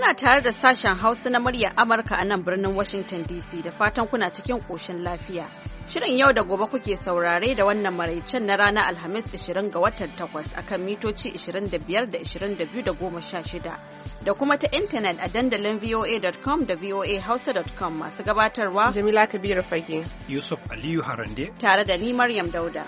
Kuna tare da sashen Hausa na muryar Amurka a nan birnin Washington DC da fatan kuna cikin ƙoshin lafiya. Shirin yau da gobe kuke saurare da wannan maraicen na ranar Alhamis 20 ga watan 8 kan mitoci 25 da 22 da 16 da kuma ta intanet a dandalin voa.com da voahausa.com masu gabatarwa Jamila Kabiru Fage Yusuf Aliyu Harande tare da ni Maryam Dauda.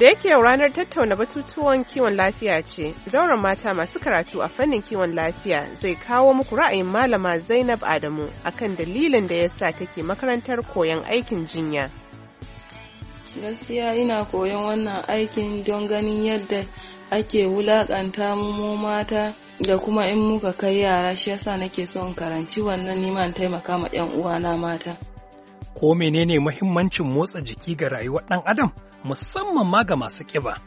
Da yake yau ranar tattauna batutuwan kiwon lafiya ce, zauren mata masu karatu a fannin kiwon lafiya zai kawo muku ra'ayin malama Zainab Adamu akan dalilin da ya sa take makarantar koyon aikin jinya. Gaskiya ina koyon wannan aikin don ganin yadda ake wulakanta mu mata da kuma in muka kai yara shi yasa nake son karanci wannan neman taimaka ma 'yan uwana mata. Ko menene muhimmancin motsa jiki ga rayuwar ɗan adam? musamman ma ga masu ƙiba.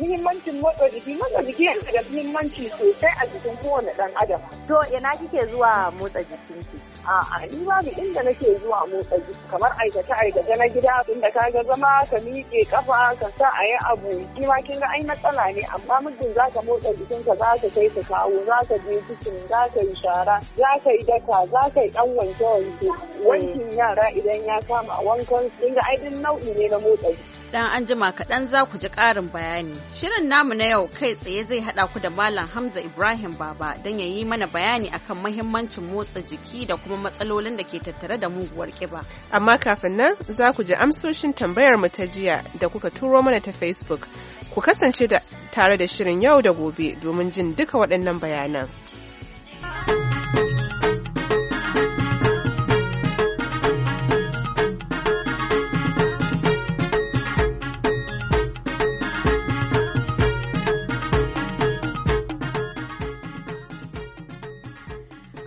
muhimmancin motsa jiki motsa jiki yana da muhimmanci sosai a jikin kowane ɗan adam to ina kike zuwa motsa jikinki A'a ni babu inda nake zuwa motsa jiki kamar aikace aikace na gida tunda ka ga zama ka miƙe kafa ka sa a yi abu shi ma kin ga ai matsala ne amma mijin za ka motsa jikinka za ka kai ka kawo za ka je kicin za ka yi shara za ka yi daka za ka yi dan wanke wanke wankin yara idan ya kama wankan kin ga ai din nau'i ne na motsa jiki. Dan an jima kaɗan za ku ji ƙarin bayani. Shirin namu na yau kai tsaye zai haɗa ku da Malam Hamza Ibrahim Baba don ya yi mana bayani akan mahimmancin motsa jiki da kuma kuma matsalolin da ke tattare da muguwar kiba. Amma kafin nan za ku ji amsoshin tambayar mu ta jiya da kuka turo mana ta Facebook. Ku kasance tare da shirin yau da gobe domin jin duka waɗannan bayanan.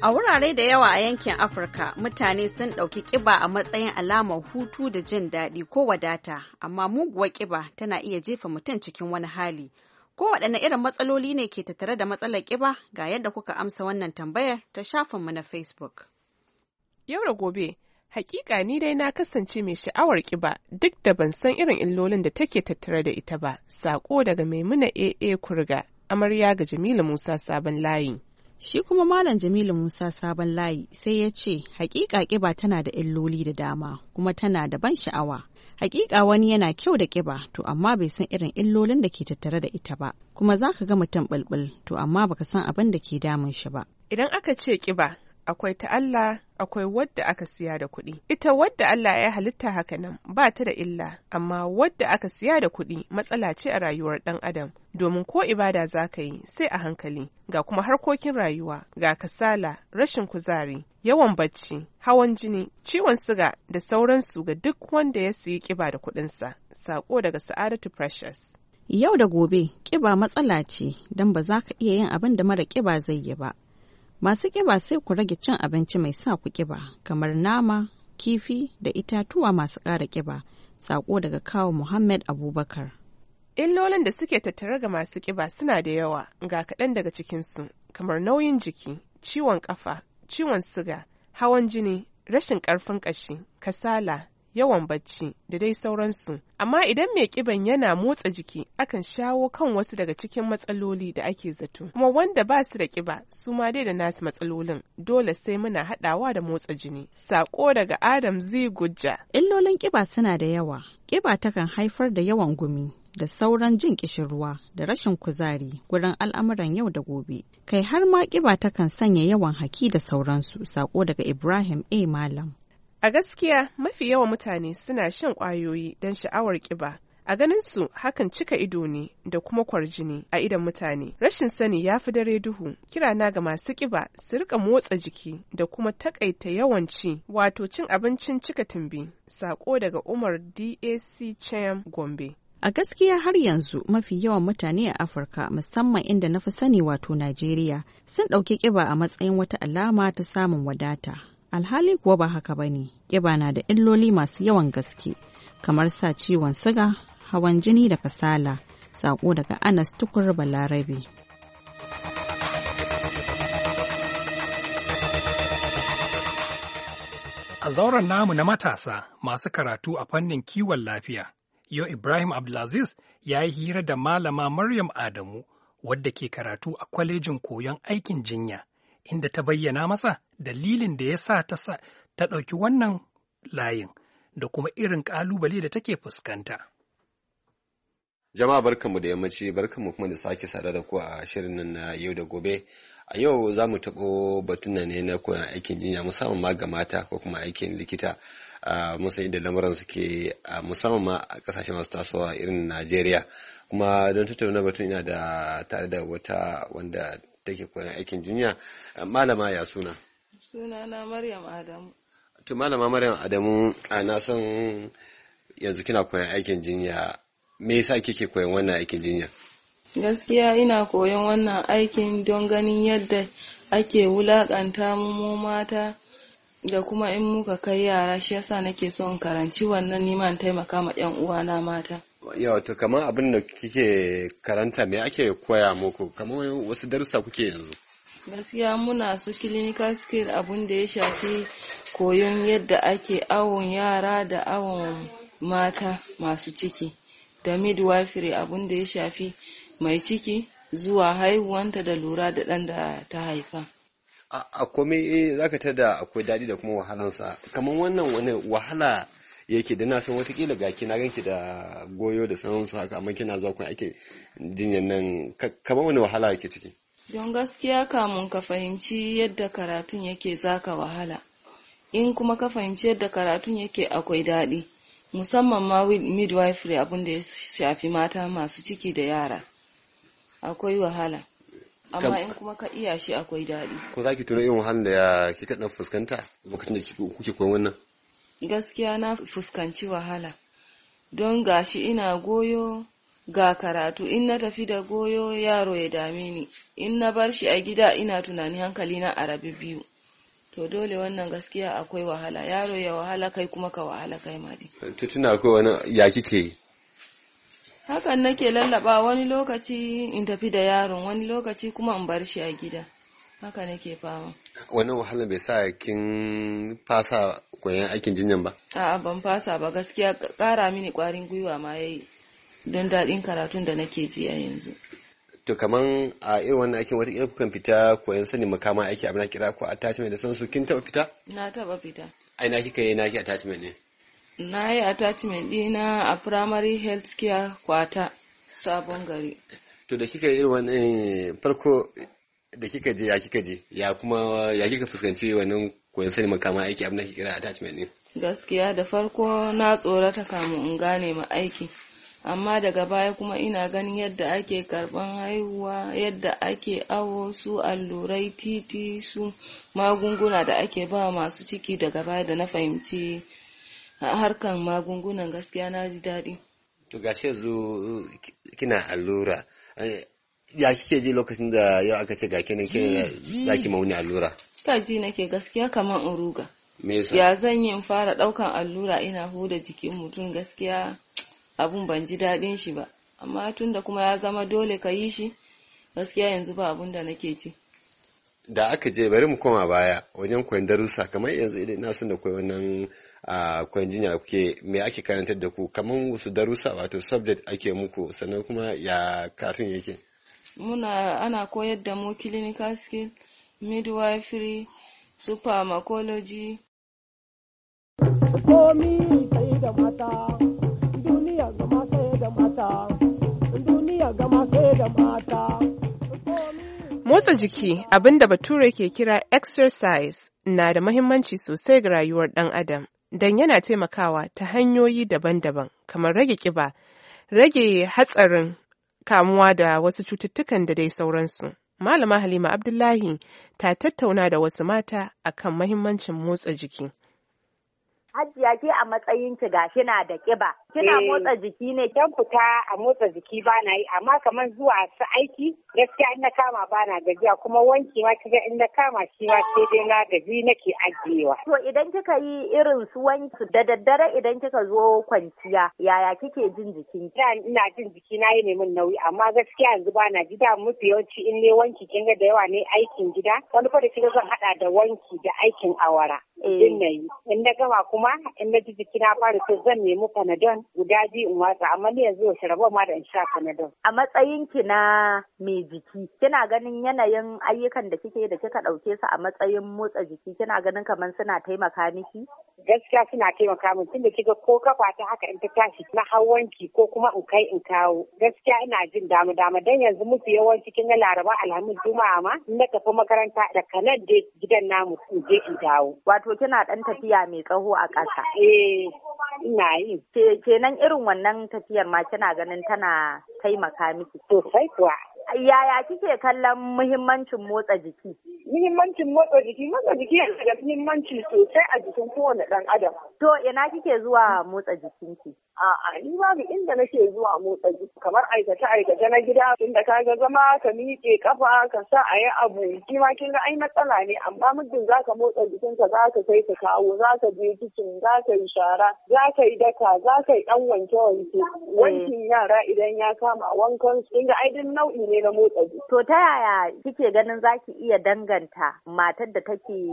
A wurare da yawa a yankin Afirka, mutane sun ɗauki ƙiba a matsayin alamar hutu da jin daɗi ko wadata, amma muguwa ƙiba tana iya jefa mutum cikin wani hali. waɗanne irin matsaloli ne ke tattare da matsalar ƙiba ga yadda kuka amsa wannan tambayar ta shafinmu na Facebook. Yau da gobe, hakika ni dai na kasance mai sha'awar ƙiba duk da ban san irin illolin da take tattare da ita ba, saƙo daga Maimuna AA Kurga, amarya ga Jamilu Musa Sabon Layi. Shi kuma Malam Jamilu Musa Sabon Layi sai ya ce, "Hakika ƙiba tana da illoli da dama, kuma tana da ban sha'awa. Hakika wani yana kyau da ƙiba, to amma bai san irin illolin da ke tattare da ita ba, kuma za ka ga mutum bulbul, to amma baka san abin da ke damun shi ba. Idan aka ce ƙiba, akwai ta Allah akwai wadda aka siya da kuɗi. Ita wadda Allah ya halitta hakanan ba ta da illa, amma wadda aka siya da kuɗi matsala ce a rayuwar ɗan adam. Domin ko ibada za ka yi sai a hankali, ga kuma harkokin rayuwa, ga kasala, rashin kuzari, yawan bacci, hawan jini, ciwon siga da sauransu ga duk wanda ya siyi ƙiba da kuɗinsa. Sako daga Sa'adatu Precious. Yau da gobe, ƙiba matsala ce, don ba za ka iya yin abin da mara ƙiba zai yi ba. Masu ƙiba sai ku rage cin abinci mai sa ku ƙiba kamar nama, kifi da itatuwa masu ƙara ƙiba. saƙo daga kawo Muhammad Abubakar. Illolin da suke tattare ga masu ƙiba suna da yawa ga kaɗan daga cikinsu kamar nauyin jiki, ciwon ƙafa, ciwon siga, hawan jini, rashin ƙarfin ƙashi, kasala, yawan bacci da dai sauransu. Amma idan mai kiban yana motsa jiki akan shawo kan wasu daga cikin matsaloli da ake zato. Kuma wanda ba su da kiba su ma dai da nasu matsalolin dole sai muna haɗawa da motsa jini. Sako daga Adam Z. Gujja. Illolin kiba suna da yawa. Kiba takan haifar da yawan gumi, da sauran jin kishirwa da rashin kuzari gurin al'amuran yau da gobe kai har ma kiba takan sanya yawan haki da sauransu sako daga ibrahim a malam A gaskiya mafi yawan mutane suna shan ƙwayoyi don sha'awar ƙiba. A ganin su hakan cika ido ne da kuma kwarjini a idan mutane. Rashin sani ya fi dare duhu, kirana ga masu ƙiba su rika motsa jiki da kuma taƙaita yawan ci, wato cin abincin cika tumbi. Sako daga Umar DAC Cham Gombe. A gaskiya har yanzu mafi yawan mutane a Afirka musamman inda na fi sani wato Najeriya sun ɗauki ƙiba a matsayin wata alama ta samun wadata. alhali kuwa ba haka ba ne ƙiba na da illoli masu yawan gaske kamar sa ciwon siga hawan jini da kasala saƙo daga anas tukur balarabe a zauren namu na matasa masu karatu a fannin kiwon lafiya yau ibrahim abdulaziz ya yi hira da malama maryam adamu wadda ke karatu a kwalejin koyon aikin jinya inda ta bayyana masa dalilin da ya sa ta ɗauki wannan layin da kuma irin ƙalubale da take fuskanta. Jama'a barkanmu da yammaci barkanmu kuma da sake sada da ku a shirin nan na yau da gobe. A yau za mu taɓo batun ne na koyon aikin jinya musamman ma ga mata ko kuma aikin likita. musan inda lamuran suke musamman ma a ƙasashe masu tasowa irin Najeriya. Kuma don tattauna batun ina da tare da wata wanda take koyan aikin jinya eh, malama ya suna sunana maryam adamu to malama maryam adamu a son yanzu kina koyan aikin jinya me yasa kike koyan wannan aikin jinya gaskiya ina koyon wannan aikin don ganin yadda ake wulakanta mu mata da kuma in muka kai yara shi yasa nake son karanci wannan neman taimaka ma yan uwana mata yawa to kamar abin da kike karanta me ake koya muku kamar wasu darussa kuke yanzu gaskiya muna su clinical skill abin da ya shafi koyon yadda ake awon yara da awon mata masu ciki da midwifery abin da ya shafi mai ciki zuwa haihuwanta da lura da ɗan da ta haifa a kome eh, za ka tada akwai daɗi da kuma wahalansa kamar wannan wani wahala yake da na san watakila ga kina ganki da goyo da sauransu haka amma kina zuwa kun ake jinyan nan kamar wani wahala yake ciki don gaskiya kamun ka fahimci yadda karatun yake zaka wahala in kuma ka fahimci yadda karatun yake akwai daɗi musamman ma midwifery abin da ya shafi mata masu ciki da yara akwai wahala amma in kuma ka iya shi akwai daɗi ko za ki tuno irin wahalar da kika dan fuskanta lokacin da kuke koyon wannan gaskiya na fuskanci wahala don gashi ina goyo ga karatu in na tafi da goyo yaro ya dame ni in na bar shi a gida ina tunani hankali na arabi biyu to dole wannan gaskiya akwai wahala yaro ya wahala kai kuma ka wahala kai ma dai tuna akwai wani ya kike hakan nake lallaba wani lokaci in tafi da yaron wani lokaci kuma in bar shi a gida haka nake fama wani wahala bai sa kin fasa koyan aikin jinyan ba a'a ban fasa ba gaskiya kara mini kwarin gwiwa ma yayi don daɗin karatun da nake ji a yanzu to kaman a irin wannan aikin wata kan fita koyan sani makama aiki abin kira ko attachment da sansu kin taba fita na taba fita ai na kika yi naki attachment ne na yi attachment dina a primary health care kwata sabon gari to da kika yi irin wannan eh, farko da kika je ya kika je ya kuma ya kika fuskanci wannan koyon sani makama aiki abin da ke kira attachment ne? gaskiya da farko na tsorata kamun in gane ma aiki amma daga baya kuma ina ganin yadda ake karban haihuwa yadda ake awo su allurai titi su magunguna da ake ba masu ciki daga baya da na fahimci harkan magungunan gaskiya na ji daɗi to gashi yanzu kina allura eh, ya kike ji lokacin da yau aka ce ga kinin za zaki mauni allura ka ji nake gaskiya kamar in ruga ya zan yi in fara ɗaukan allura ina huda jikin mutum gaskiya abun ban ji daɗin shi ba amma tun da kuma ya zama dole ka yi shi gaskiya yanzu ba abun da nake ji da aka je bari mu koma baya wajen koyon darussa kamar yanzu ina son da koyi wannan koyon jinya kuke me ake karantar da ku kamar wasu darussa wato subject ake muku sannan kuma ya katun yake muna ana koyar da mu clinical skill midwifery su pharmacology komi sai da mata Motsa jiki abinda bature ke kira exercise na da mahimmanci sosai ga rayuwar ɗan adam don yana taimakawa ta hanyoyi daban-daban kamar rage ƙiba, rage hatsarin kamuwa da wasu cututtukan da dai sauransu. Malama Halima Abdullahi ta tattauna da wasu mata akan mahimmancin motsa jiki. Hajiya ke a matsayin ki gashi na da ƙiba. Kina eh. motsa jiki ne? Kyan fita a motsa jiki ba na yi, amma kamar zuwa su aiki gaskiya in na kama ba na gajiya kuma wanki ma kiga in na kama shi ma sai dai na gaji nake ajiyewa. To idan kika yi irin su wanki da daddare idan kika zo kwanciya yaya kike jin jikin? Ina jin jiki na yi ne min nauyi amma gaskiya yanzu ba na ji mafi yawanci in ne wanki kin ga da yawa ne aikin gida wani fa da zan hada da wanki da aikin awara. Eh. In na in na gama kuma in na ji jiki na fara to zan nemi panadol guda biyu in watsa amma ni yanzu yaushe rabon ma da in sha panadol. A matsayin ki na mai jiki kina ganin yanayin ayyukan da kike da kika ɗauke su a matsayin motsa jiki kina ganin kamar suna taimaka miki? gaskiya suna taimaka min da kiga ko kafa ta haka in ta tashi na hawanki ko kuma in kai in kawo gaskiya ina jin dama dama dan yanzu musu yawanci kin ga laraba alhamis juma'a ma na tafi makaranta da kanan da gidan namu in je in dawo wato kina dan tafiya mai tsaho a ƙasa eh ina yi kenan irin wannan tafiyar ma kina ganin tana taimaka miki sosai kuwa yaya kike kallon muhimmancin motsa jiki? Muhimmancin motsa jiki, motsa jiki yana da muhimmanci sosai a jikin kowane ɗan adam. To ina kike zuwa motsa jikinki? A'a ni babu inda nake zuwa motsa jiki kamar aikace aikace na gida inda ka ga zama ka miƙe kafa ka sa a yi abu shi ma kin ga ai matsala ne amma muddin za ka motsa jikinka za ka kai ka kawo za ka je kicin za ka yi shara za ka yi daka za ka yi ɗan wanke wanke wankin yara idan ya kama wankan su kinga ai duk nau'i ne na motsa jiki. To ta yaya kike ganin za ki iya danganta matar da take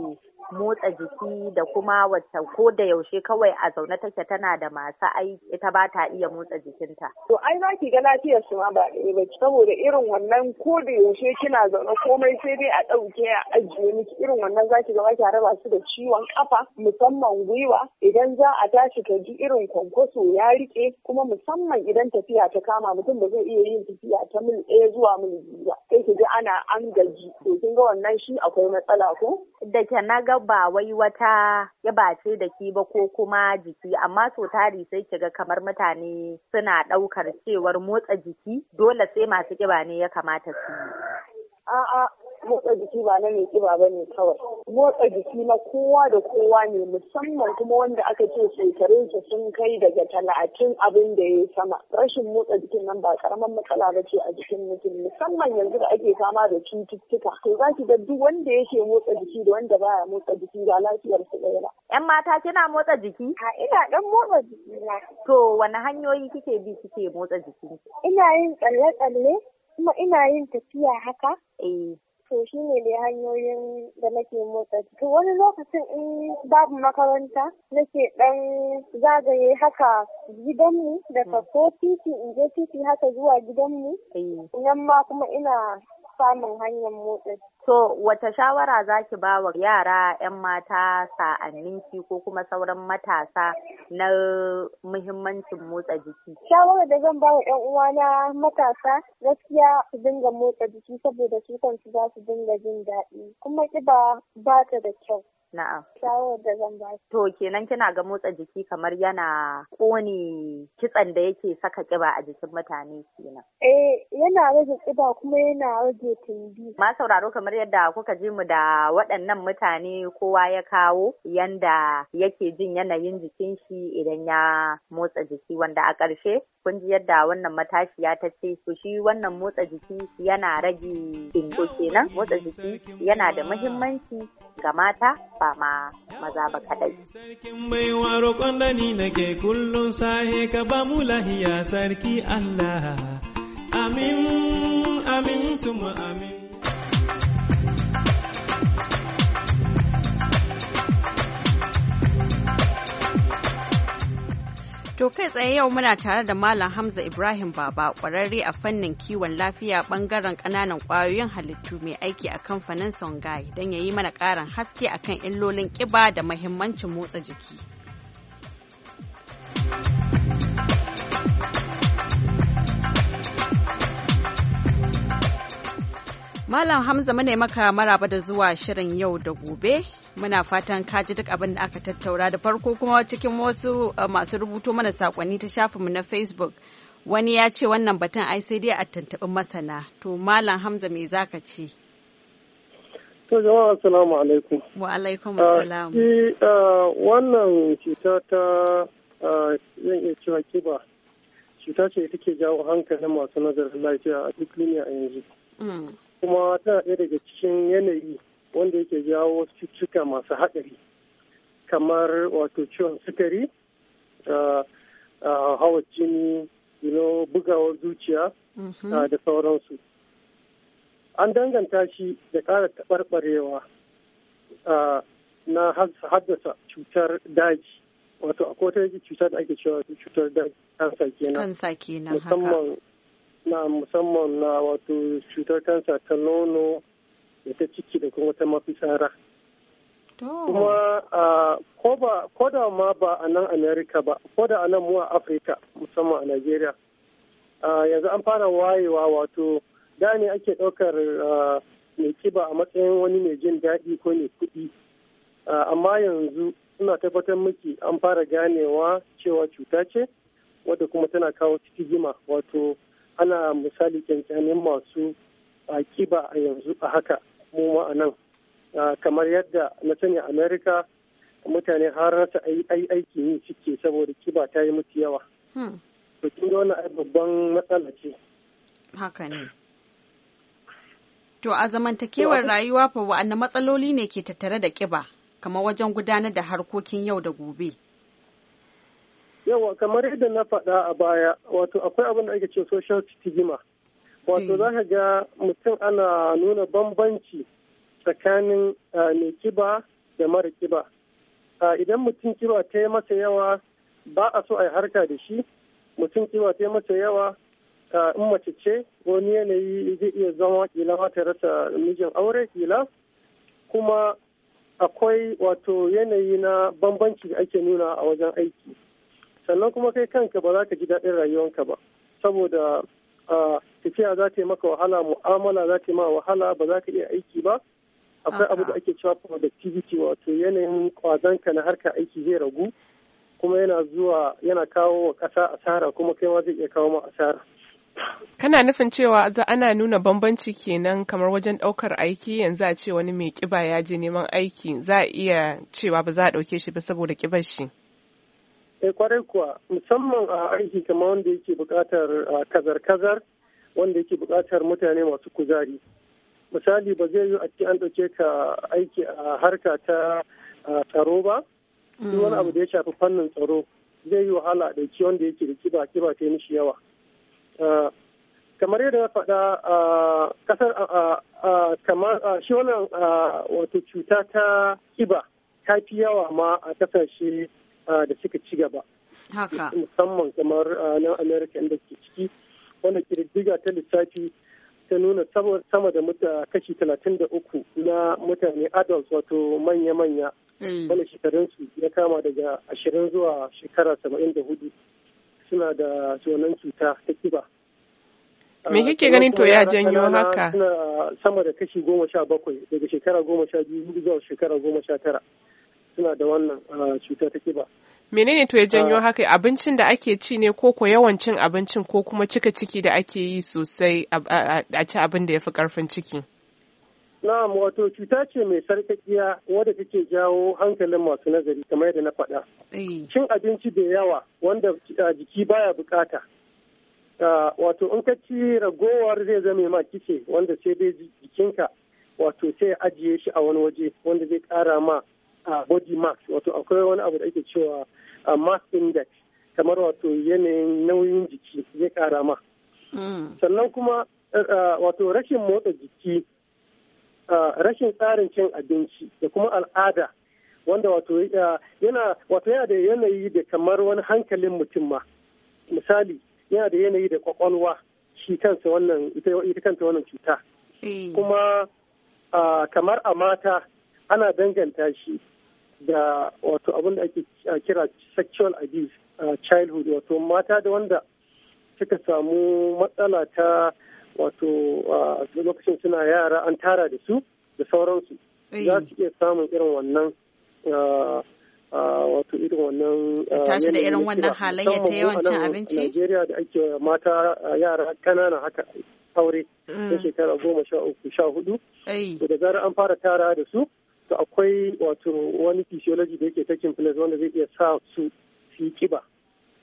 motsa jiki da kuma wacce ko da yaushe kawai a zaune take tana da masu aiki ita ba ta iya motsa jikinta. To ai za ki ga lafiyar su ma ba ɗaya ba saboda irin wannan ko da yaushe kina zaune komai sai dai a ɗauke a ajiye miki irin wannan za ki ga ba ki raba su da ciwon kafa musamman gwiwa idan za a tashi ta ji irin kwankwaso ya rike kuma musamman idan tafiya ta kama mutum ba zai iya yin tafiya ta mil ɗaya zuwa mil biyu ba sai ki ji ana an gaji to kin ga wannan shi akwai matsala ko. Da ke na ga ba wai wata ya ce da ki ba ko kuma jiki amma so tari sai ki ga kamar mutane suna ɗaukar cewar motsa jiki dole sai masu ƙiba ne ya kamata su yi. motsa jiki ba na mai kiba ba ne kawai motsa jiki na kowa da kowa ne musamman kuma wanda aka ce shekarunsa sun kai daga talatin abin da ya sama rashin motsa jikin nan ba karamar matsala ba ce a jikin mutum musamman yanzu da ake fama da cututtuka to za ki ga duk wanda yake motsa jiki da wanda baya motsa jiki ba lafiyar su ɗaya ba. yan mata kina motsa jiki? a ina dan motsa jiki na. to wani hanyoyi kike bi kike motsa jiki? ina yin tsalle-tsalle kuma ina yin tafiya haka. Eh. to shi ne dai hanyoyin da nake motsa jiki wani lokacin in babu makaranta nake dan zagaye haka gidanmu da kaso mm. titi in je titi haka zuwa gidan mu nan ma kuma ina samun hanyar motsa jiki To wata shawara za ki ba wa yara 'yan mata sa'anninki ko kuma sauran matasa na muhimmancin motsa jiki? Shawara da zan ba wa 'yan uwana matasa gaskiya su dinga motsa jiki saboda su kansu za su dinga jin daɗi kuma kiba ba ta da kyau. Na'am. Shawarar da zan ba To kenan kina ga motsa jiki kamar yana ƙone kitsan da yake saka ƙiba a jikin mutane kenan. Eh yana rage ƙiba kuma yana rage tumbi. Ma sauraro kamar yadda kuka ji mu da waɗannan mutane kowa ya kawo yanda yake jin yanayin jikin shi idan ya motsa jiki wanda a ƙarshe kun ji yadda wannan matashiya ta ce to shi wannan motsa jiki yana rage ɗinko kenan motsa jiki yana da muhimmanci ga mata ba ma maza ba kadai. Sarkin mai waro kwanani nake kullum sahe ka ba mu lahiya sarki Allah. Amin, amin, tumu amin. To kai tsaye yau muna tare da Malam Hamza Ibrahim Baba kwararre a fannin kiwon lafiya bangaren kananan kwayoyin halittu mai aiki a kamfanin Songhai don ya yi mana karin haske akan illolin kiba da mahimmancin motsa jiki. Malam Hamza mune maka maraba da zuwa shirin yau da gobe. Muna fatan ka ji duk abin da aka tattaura da farko kuma cikin wasu eh, masu rubuto mana sakonni ta shafinmu na Facebook. Wani ya ce wannan batun ai sai dai a tantabi masana. To Malam Hamza me zaka ce? To jama'a assalamu alaikum. Wa alaikum ah, assalam. Shi ah, wannan cuta ta ah, zan iya cewa kiba. Cuta ce take jawo hankalin masu nazarin lafiya a duk duniya a yanzu. Mm. kuma tana ɗaya daga cikin yanayi wanda yake jawo wasu cututtuka masu haɗari kamar wato ciwon sukari hawa jini bugawar zuciya mm-hmm. da sauransu an danganta shi da ƙara taɓarɓarewa na haddasa cutar daji wato akwai cutar da ake cewa cutar daji kansa kenan musamman na musamman na wato cutar kansa ta nono da ta ciki da kuma ta mafisara Kuma ko da ma ba a nan Amerika ba, ko da a nan mu a Afirka musamman a nigeria Yanzu an fara wayewa wato da ne ake ɗaukar mai kiba a matsayin wani mai jin daɗi ko mai kuɗi. Amma yanzu suna tabbatar miki an fara ganewa cewa cuta ce wadda kuma tana kawo ciki gima wato ana misali kyankyamin masu kiba a yanzu a haka mu a nan kamar yadda na sani america mutane har rasa aiki yi cike saboda kiba ta yi mutu yawa hmm. to kin ga wannan babban matsala ce haka ne to a zamantakewar rayuwa fa wa'anne matsaloli ne ke tattare da kiba kamar wajen gudanar da harkokin yau da gobe yawa kamar yadda na faɗa a baya wato akwai abin da ake ce social stigma wato hmm. za ka ga mutum ana nuna bambanci tsakanin mai kiba da mara kiba idan mutum kiba ta yi masa yawa ba a so a yi harka da shi mutum kiba ta yi masa yawa in mace ce wani yanayi zai iya zama kila ta rasa mijin aure kila kuma akwai wato yanayi na bambanci da ake nuna a wajen aiki sannan kuma kai kanka ba za ka ji daɗin rayuwanka ba saboda tafiya za ta yi maka wahala mu'amala za ta yi ma wahala ba za ka iya aiki ba akwai abu da ake cewa productivity wato yanayin kwazanka na harkar aiki zai ragu kuma yana zuwa yana kawo wa ƙasa asara kuma kai ma zai iya kawo ma asara kana nufin cewa ana nuna bambanci kenan kamar wajen ɗaukar aiki yanzu a ce wani mai kiba ya je neman aiki za a iya cewa ba za a ɗauke shi ba saboda kibar shi Eh kwarai kuwa musamman a aiki kamar wanda yake buƙatar kazar-kazar wanda yake buƙatar mutane masu kuzari. Misali ba zai yi a ce an ɗauke ka aiki a harka ta tsaro ba, duk wani mm. abu da ya shafi fannin tsaro zai yi wahala da ke wanda yake da kiba kiba ta mishi yawa. Kamar yadda ya faɗa ƙasar a shi wannan wato cuta ta kiba ta fi yawa ma a kasashe da suka ci gaba. Musamman kamar na Amerika inda ke ciki wanda ƙididdiga ta lissafi ta nuna sama da kashi talatin da uku na mutane adults wato manya-manya mm. wanda shekarunsu ya kama daga ashirin zuwa shekara saba'in da hudu suna da wannan cuta ta kiba. me kike ganin to ya janyo haka suna sama da kashi goma sha bakwai daga shekara goma sha biyu zuwa shekara goma sha tara suna da wannan ah, cuta ta kiba. Menene to ya janyo ah. haka abincin da ake ci ne ko ko yawan cin abincin ko kuma cika ciki da ake yi sosai a ci abin da ya fi karfin ciki? Na'am wato cuta ce mai sarkakiya wadda take jawo hankalin masu nazari kamar yadda na faɗa. Cin abinci da yawa wanda ah, jiki baya bukata. Wato in ka ci ragowar zai zame ma kice wanda sai dai jikinka wato sai ajiye shi a wani waje wanda zai ƙara ma body mass wato akwai wani abu da ake cewa a mass index kamar wato yanayin nauyin jiki ya kara ma mm. sannan kuma eh, eh, wato rashin motsa jiki eh, rashin tsarin cin abinci da kuma al'ada wanda wato yana wato yana da yanayi da kamar wani hankalin mutum ma misali yana da yanayi da kwakwalwa shi kansa wannan ita kanta wannan cuta kuma ah, kamar a mata ana danganta shi da wato abin da ake kira sexual abuse a childhood wato mata da wanda suka samu matsala ta wato lokacin suna yara an tara da su da sauransu za su iya samun irin wannan wato irin wannan tashi da irin wannan halayya ta cin abinci Najeriya da ake mata yara kanana haka aure da mm. shekara goma sha uku sha hudu da zarar an fara tara da su to akwai wato wani physiology da yake taking place wanda zai iya sa su yi kiba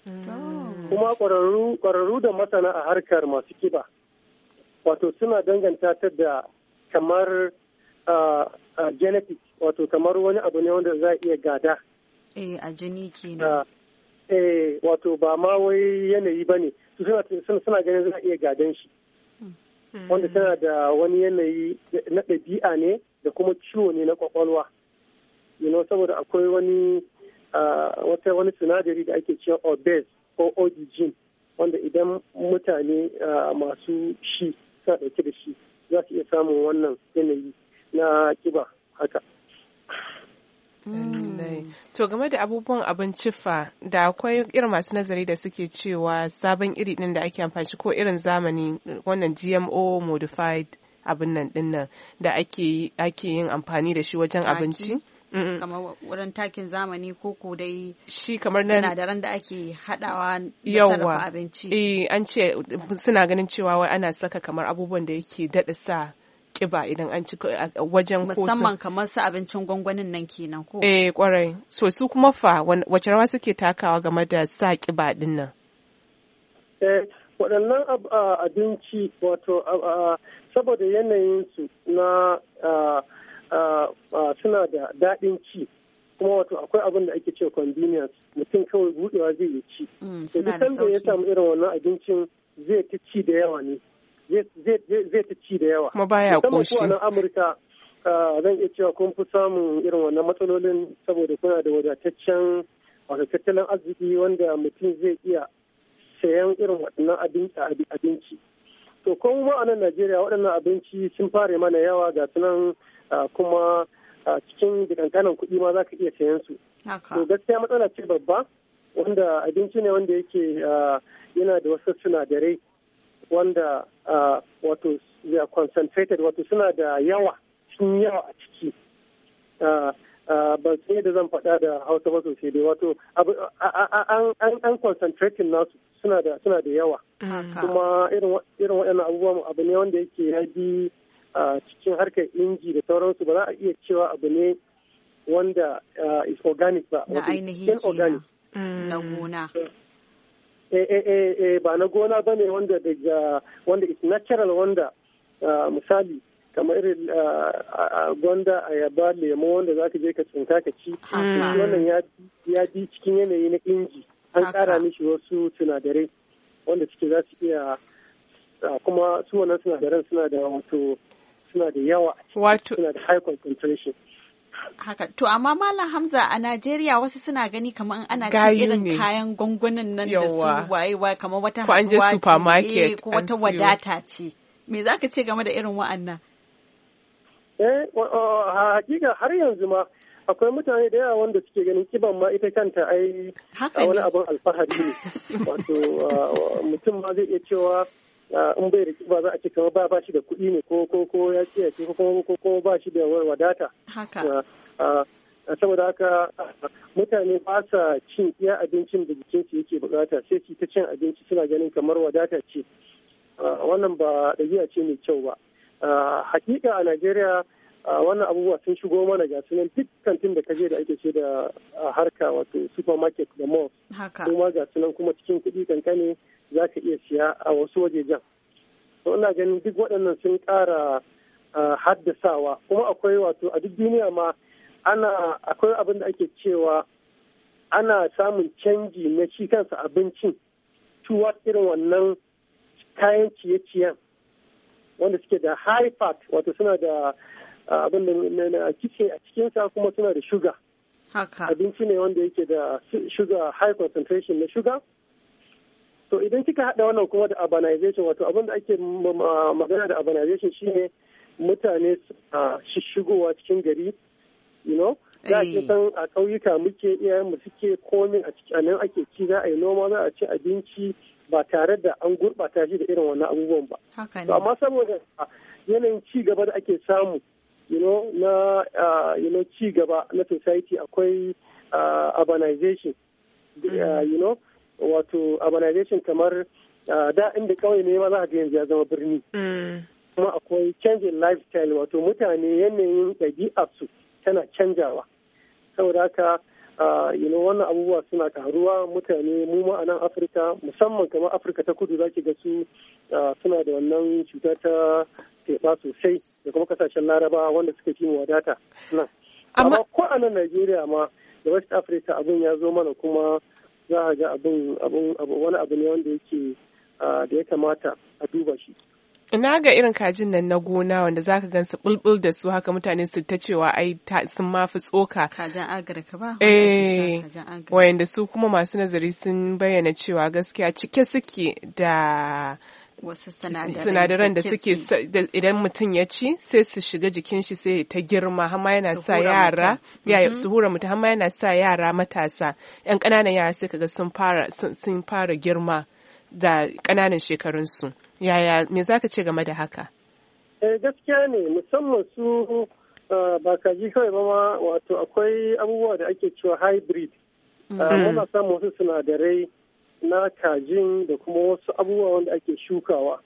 hmm. kuma ƙwararru da masana a harkar masu kiba wato suna danganta ta da kamar ah, ah, genetic wato kamar wani abu ne wanda za a iya gada eh a jini ke ah, eh wato ba ma wai yanayi ba ne suna ganin za a iya gadan shi hmm. wanda tana da wani yanayi na ɗabi'a ne da kuma ciwo ne na kwakwalwa you saboda akwai wani wata wani sinadari da ake cewa obese ko odigin wanda idan mutane masu shi sa dauke da shi za su iya samun wannan yanayi na kiba haka To game da abubuwan abinci fa da akwai irin masu nazari da suke cewa sabon iri ɗin da ake amfani ko irin zamani wannan GMO modified abin nan dinnan da ake yin amfani da shi wajen abinci kamar wurin takin zamani ko ko dai shi kamar nan sinadaran da ake hadawa da sarrafa abinci eh an ce suna ganin cewa wai ana saka kamar abubuwan da yake dada sa kiba idan an ci wajen ko musamman kamar su abincin gwangwanin nan kenan ko eh kwarai so su kuma fa wace rawa suke takawa game da sa kiba din nan eh, waɗannan abinci wato saboda yanayinsu na suna da daɗin ci kuma wato akwai abin da ake ce convenience mutum kawai buɗewa zai yi ci da mm, duk da ya samu irin wannan abincin zai ta ci da yawa ne zai ta ci da yawa kuma baya koshi musamman amurka zan iya cewa kun fi samun irin wannan matsalolin saboda kuna da wadataccen wato tattalin arziki wanda mutum zai iya sayan irin waɗannan abinci to kuma a nan najeriya waɗannan abinci sun fara mana yawa ga sunan kuma cikin gidankanan kuɗi ma zaka iya sayan su to gaskiya matsala ce babba wanda abinci ne wanda yake yana da wasu sinadarai wanda wato concentrated wato suna da yawa sun yawa a ciki ban sai da zan faɗa da hausa ba sosai dai wato an concentrating nasu suna da suna da yawa kuma irin irin waɗannan abubuwa abu ne wanda yake ya a cikin harkar inji da sauransu ba za a iya cewa abu ne wanda is organic ba na ainihin organic mm. na gona eh, eh, eh, ba na gona ba ne wanda daga wanda is natural wanda misali kamar irin gwanda ayaba lemo wanda za ka je ka tsinka ka ci wannan ya bi cikin yanayi na inji an ƙara mishi wasu sinadarai wanda suke za su iya kuma su wannan sinadaran suna da wato suna da yawa wato suna da high concentration haka to amma malam hamza a najeriya wasu suna gani kamar ana cin irin kayan gwangwanin nan da su wayewa kamar wata supermarket eh, ko wata wadata ce me za ka ce game da irin wa'annan eh hakika har yanzu ma akwai mutane da yawa wanda suke ganin kiban ma ita kanta ai a wani abin alfahari ne wato mutum ma zai iya cewa in bai da kiba za a ce kamar ba ba shi da kuɗi ne ko ko ko ya ce ko kuma ko kuma ba shi da wadata haka saboda haka mutane ba sa cin iya abincin da su yake bukata sai su ta cin abinci suna ganin kamar wadata ce wannan ba da ce mai kyau ba hakika a najeriya A wannan abubuwa sun shigo mana ga sunan duk kantin da kaje da ake ce da harka wato supermarket da mall kuma ga sunan kuma cikin kuɗi kankane za ka iya siya a wasu wajejen to ina ganin duk waɗannan sun ƙara haddasawa kuma akwai wato a duk duniya ma ana akwai abin da ake cewa ana samun canji na shi kansa abincin tuwa irin wannan kayan ciye-ciyen wanda suke da high fat wato suna da abin da kitse a cikinsa kuma suna da shuga abinci ne wanda yake da shuga high concentration na shuga to idan kika hada wannan kuma da urbanization wato abin da ake magana da urbanization shine mutane a shigowa cikin gari you know za a eh. san a ƙauyuka muke iyayen mu suke komin a nan ake ci za a yi noma za a ci abinci ba tare da an gurɓata shi da irin wannan abubuwan ba. amma saboda yanayin ci gaba da ake samu you know na uh, you know ci gaba na society akwai uh, urbanization uh, mm-hmm. you know wato urbanization kamar uh, da inda kawai ne ma za a yanzu ya zama birni mm. kuma akwai canjin lifestyle wato mutane yanayin ɗabi'arsu tana canjawa saboda haka you wannan abubuwa suna karuwa mutane mu ma a nan afirka musamman kamar afirka ta kudu zaki ga su suna da wannan cuta ta teba sosai da kuma kasashen laraba wanda suka fi mu wadata amma ko a nan najeriya ma da west africa abin ya zo mana kuma za a ga abin wani abu ne wanda yake da ya kamata a duba shi Ina ga irin kajin nan na gona wanda ka gan su bulbul da su haka mutane su ta cewa ai sun mafi tsoka. Kajin agarka ba? Eh, wayanda su kuma masu nazari sun bayyana cewa gaskiya cike suke da wasu sinadaran da suke idan mutum ya ci sai su shiga jikin shi sai ta girma hama yana sa yara ya mm-hmm. su mutum hama yana sa yara matasa yan ƙananan yara sai kaga sun fara sun fara girma da ƙananan shekarunsu yaya me za ka ce game da haka eh, gaskiya ne musamman su eh, ba kaji kawai ba ma wato akwai abubuwa da ake cewa hybrid eh, mm-hmm. muna samun wasu sinadarai na kajin da kuma wasu abubuwa wanda ake shukawa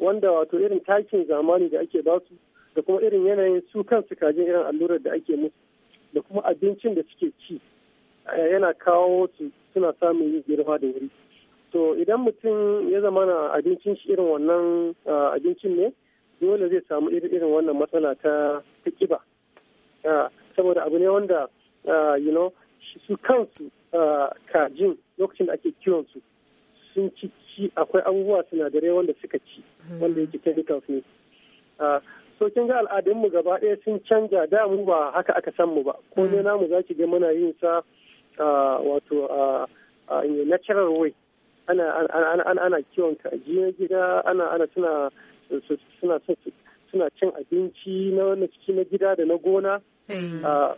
wanda wato irin takin zamani da ake basu da kuma irin yanayin su kansu kajin irin allurar da ake musu da kuma abincin da suke ci yana kawo su suna samun yin girma da wuri to idan mutum ya zama na abincin shi irin wannan ah, abincin ne dole zai samu irin wannan matsala ta kiba ah, saboda abu ne wanda ah, you know su kansu kajin lokacin da ake kiwonsu sun ci ci akwai abubuwa sinadarai wanda suka ci hmm. wanda yake chemicals ne so kin ga al'adunmu gaba ɗaya sun canja da mu ba haka aka san mu ba ko ne hmm. namu za ki ga muna yin sa wato a natural way ana kiwon kaji na gida ana ana suna suna cin abinci na wani ciki na gida da na gona hmm. ah,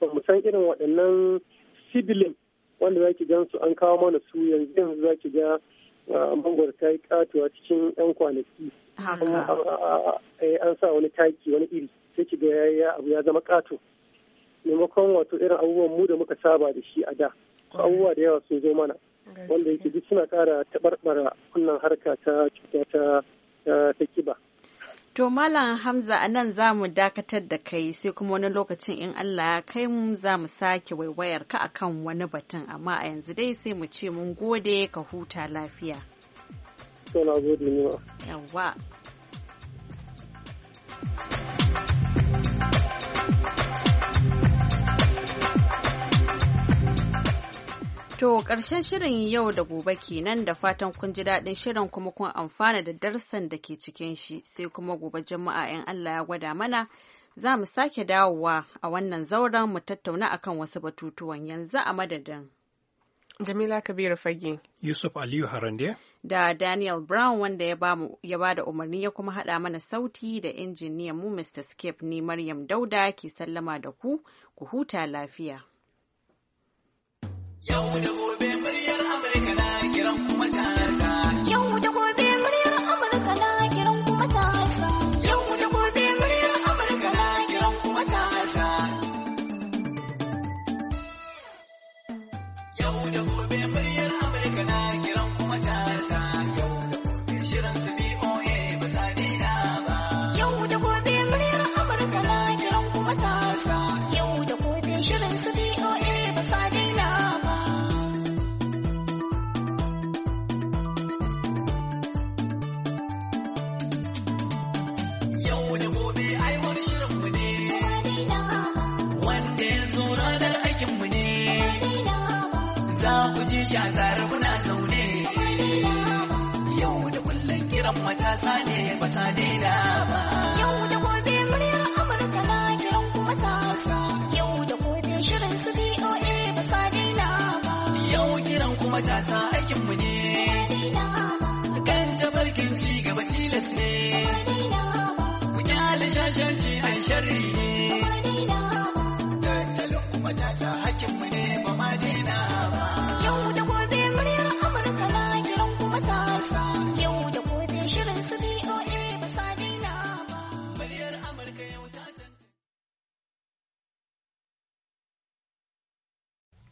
ba mu san irin waɗannan sibilin wanda zaki gan su an kawo mana su yanzu yanzu zaki ga ah, mangwaro ta yi katuwa cikin yan kwanaki ah, eh, an sa wani taki wani iri sai ki ga ya abu ya zama kato maimakon wato irin abubuwan mu da muka saba da shi a da hmm. abubuwa da yawa sun zo mana wanda yake duk suna kara taɓarɓara wannan harka ta cuta ta ta kiba. To Malam Hamza a nan za mu dakatar da kai sai kuma wani lokacin in Allah ya kai mu za mu sake waiwayar ka akan wani batun amma a yanzu dai sai mu ce mun gode ka huta lafiya. Yawwa. To ƙarshen shirin yau da gobe kenan da fatan kun ji daɗin shirin kuma kun amfana da darsan da ke cikin shi sai kuma gobe jama'a 'yan Allah ya gwada mana za mu sake dawowa a wannan zauren mu tattauna akan wasu batutuwan yanzu a madadin. Jamila Kabiru Fage. Yusuf Aliyu Harande. Da Daniel Brown wanda ya ba da umarni ya kuma haɗa mana sauti da injiniyan mu Mr. Skip ne Maryam Dauda ke sallama da ku, ku huta lafiya. Yau da gobe muryar Amurka na kiran kuma ta Yau gobe muryar Amurka na kiran kuma gobe muryar Amurka na kiran kuma gobe muryar Amurka na kiran kuma sha zarar muna zaune yau da kullum kiran matasa ne ba sa daina ba yau da gobe muryar amurka na kiran ku matasa yau da gobe shirin su BOA ba sa daina ba yau kiran ku matasa aikin mu ne kan tabarkin ci gaba tilas ne ku kyale shashanci an sharri ne